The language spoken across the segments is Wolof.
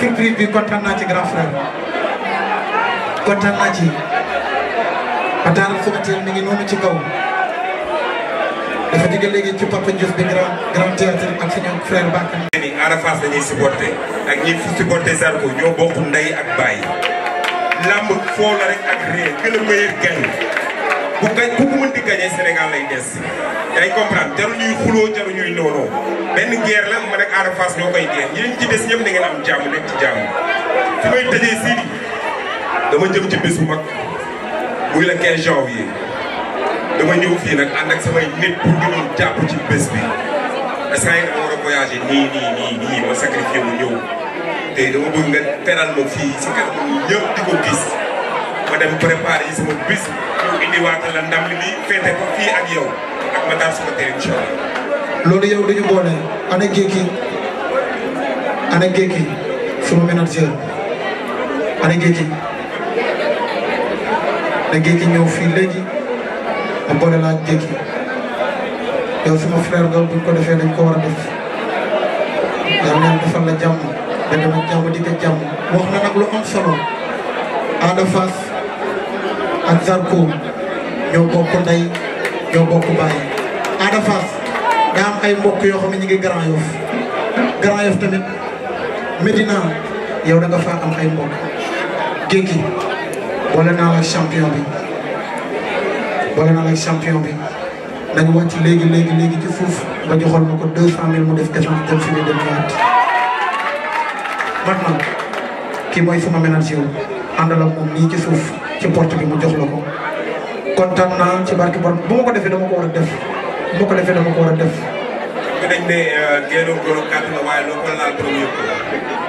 surprise bi kontaan naa ci grand frère kontaan naa ci Atar Frontière mi ngi noonu ci kaw dafa jóge léegi ci Papa Diouf bi grand grand théâtre ak suñu frère Bakar. ni Arafas dañuy supporté ak ñi fi supporté Zarko ñoo bokk ndey ak baay làmb foo rek ak réer que le meilleur gagne ñuy xuloo benn guerre la ma Ada Fass ñoo koy dee yéen ci des ñëpp da ngeen am jàmm nekk ci jàmm fi may tëjee Sidi dama jëm ci bés bu mag muy le 15 janvier dama ñëw fii nag ànd ak samay nit pour ñu doon jàpp ci bés bi instant yii dama war a voyager nii nii nii ma sacrifié mu ñëw te dama bëgg nga teral ma fii si kanam ñëpp di ko gis ma dem préparé yi sama bis ñëw indiwaat la ndam li nii fii ak yow ak ma daal sama teel incha loolu yow dañu boole ana géeki ana géeki suma manager ana géeki na géeki ñëw fii léegi ma boole laa géeki yow suma frère nga buñ ko defee dañ ko war a def yàlla neen defal la jàmm da dama jàmm di jàmm wax na nag lu am solo Ada Fass ak Zarko ñoo bokk ndey ñoo bokk baay Ada nga am ay mbokk yoo xam ne ñu ngi Grand Yoff Grand Yoff tamit Medina yow da nga faa am ay mbokk géej boole naa la champion bi boole naa la champion bi dañu wàcc léegi léegi léegi ci suuf ba joxoon ma ko deux cent mille mu def question dem fi ma dem ñëwaat. maintenant kii mooy sama ménage yow àndal ak moom nii ci suuf ci porte bi mu jox la ko kontaan naa ci barke borom bu ma ko defee dama ko war a def. bu ko defee dama ko def. ñu dañ ne euh, génn borom kàtt la waaye loo ko laal borom yëpp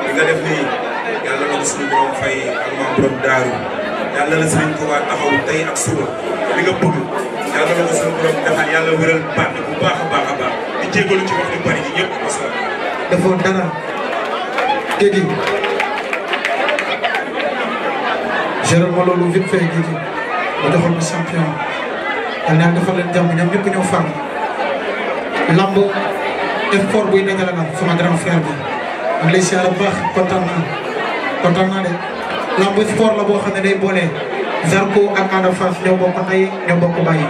li nga def nii yàlla na ko suñu borom fay ak maam borom daaru yàlla na Sëriñ Tuuba taxaw tey ak suba li nga yàlla na ko suñu borom defal yàlla wéral baat bu baax a a lu bari ji ñëpp parce ma defal leen jàmm ñoom ñëpp ñëw fànn. lamb effort buy a la sama grand frère bi am lay siyaar bu baax kontaan naa kontaan naa de la boo xam ne day boole Zarko ak Ada Fass ñoo bokk ndey ñoo bokk bàyyi